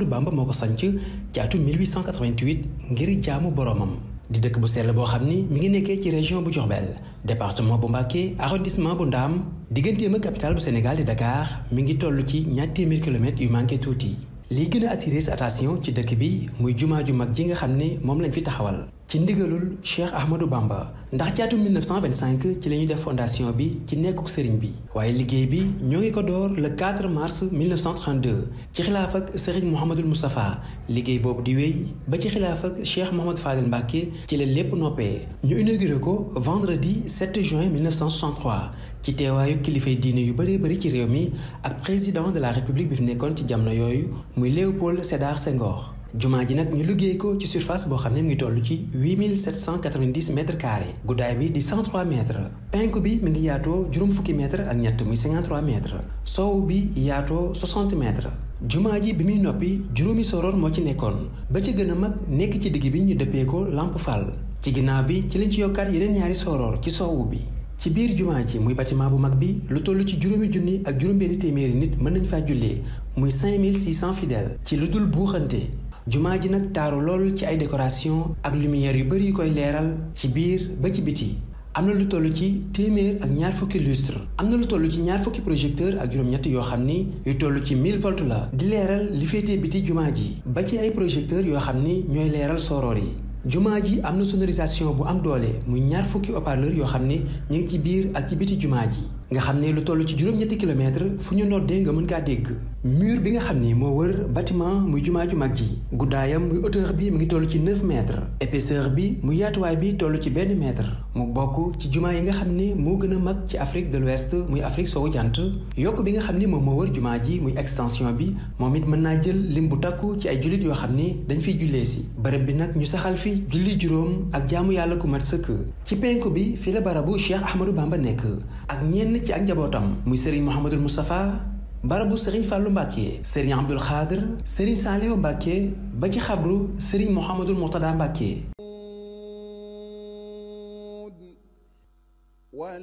Ahmadou Bamba moo ko sanc ci atum 1888 ngir jaamu boroomam di dëkk bu sell boo xam ni mi ngi nekkee ci région bu Diourbel département bu Mbacké arrondissement bu Ndaam digganteem ak capital bu Sénégal di Dakar mi ngi toll ci ñaar téeméer yu manqué tuuti. lii gën a attiré ci dëkk bi muy jumaa ju mag ji nga xam ni moom lañ fi taxawal ci ndigalul Cheikh Ahmadou Bamba ndax ci atum 1925 ci la ñu def fondation bi ci nekkuk sëriñ bi waaye liggéey bi ñoo ngi ko door le 4 mars 1932 ci xilaaf ak sëriñ Mouhamadul Moustapha liggéey boobu di wéy ba ci xilaaf ak Cheikh Mouhamad Fadel Mbacke ci la lépp noppee ñu inauguré ko vendredi 7 juin 1963 ci teewaayu kilifay diine yu bëree bëri ci réew mi ak président de la république bi fi nekkoon ci jamono yooyu muy Léopold Sédar Senghor. jumaa ji nag ñu liggéey ko ci surface boo xam ne mu ngi tollu ci 8790 mètres carrés guddaay bi di 103 mètres bi mu ngi yaatoo juróom fukki ak ñett muy 53 mètres bi yaatoo 60 mètres jumaa ji bi muy noppi juróomi soroor moo ci nekkoon ba ci gën a mag nekk ci digg bi ñu dëppee ko lamp fall ci ginnaaw bi ci lañ ci yokkaat yeneen ñaari soroor ci soowu bi ci biir jumaa ji muy bâtiment bu mag bi lu toll ci juróomi junni ak juróom-benn téeméeri nit mën nañ faa jullee muy 5600 fidèles ci lu dul buuxante jumaa ji nag taaru loolu ci ay décoration ak lumière yu bari yu koy leeral ci biir ba ci biti am na lu toll ci téeméer ak ñaar fukki lustre am na lu toll ci ñaar fukki projecteur ak juróom-ñett yoo xam ni yu toll ci mille volts la di leeral li féetee biti jumaa ji ba ci ay projecteur yoo xam ni ñooy leeral soroor yi jumaa ji am na sonorisation bu am doole muy ñaar fukki haut yoo xam ni ñu ngi ci biir ak ci biti jumaa ji nga xam ne lu toll ci juróom-ñetti fu ñu noddee nga mën kaa dégg muur bi nga xam ni moo wër bâtiment muy jumaa ju mag ji guddaayam muy hauteur bi mu ngi toll ci 9 mètres épaisseur bi mu yaatuwaay bi toll ci benn mètre mu bokk ci jumaa yi nga xam ni moo gën a mag ci Afrique de l'Ouest muy Afrique soo jant yokk bi nga xam ni moom moo wër jumaa ji muy extension bi moom it mën naa jël lim bu takku ci ay jullit yoo xam ni dañ fiy jullee si bërëb bi nag ñu saxal fi julli juróom ak jaamu yàlla ku mat sëkk ci penku bi fi la barabu Cheikh Ahmadou Bamba nekk ak ñenn kenn ci ak njabootam muy sëriñ Mouhamadul Moustapha barabu sëriñ ba Mbacke sëriñ Abdul Xaadir sëriñ Saliou Mbacke ba ci xabru sëriñ Mouhamadul Mourtada Mbacke. wal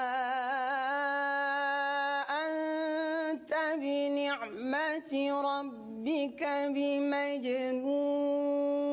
ربك بمجنون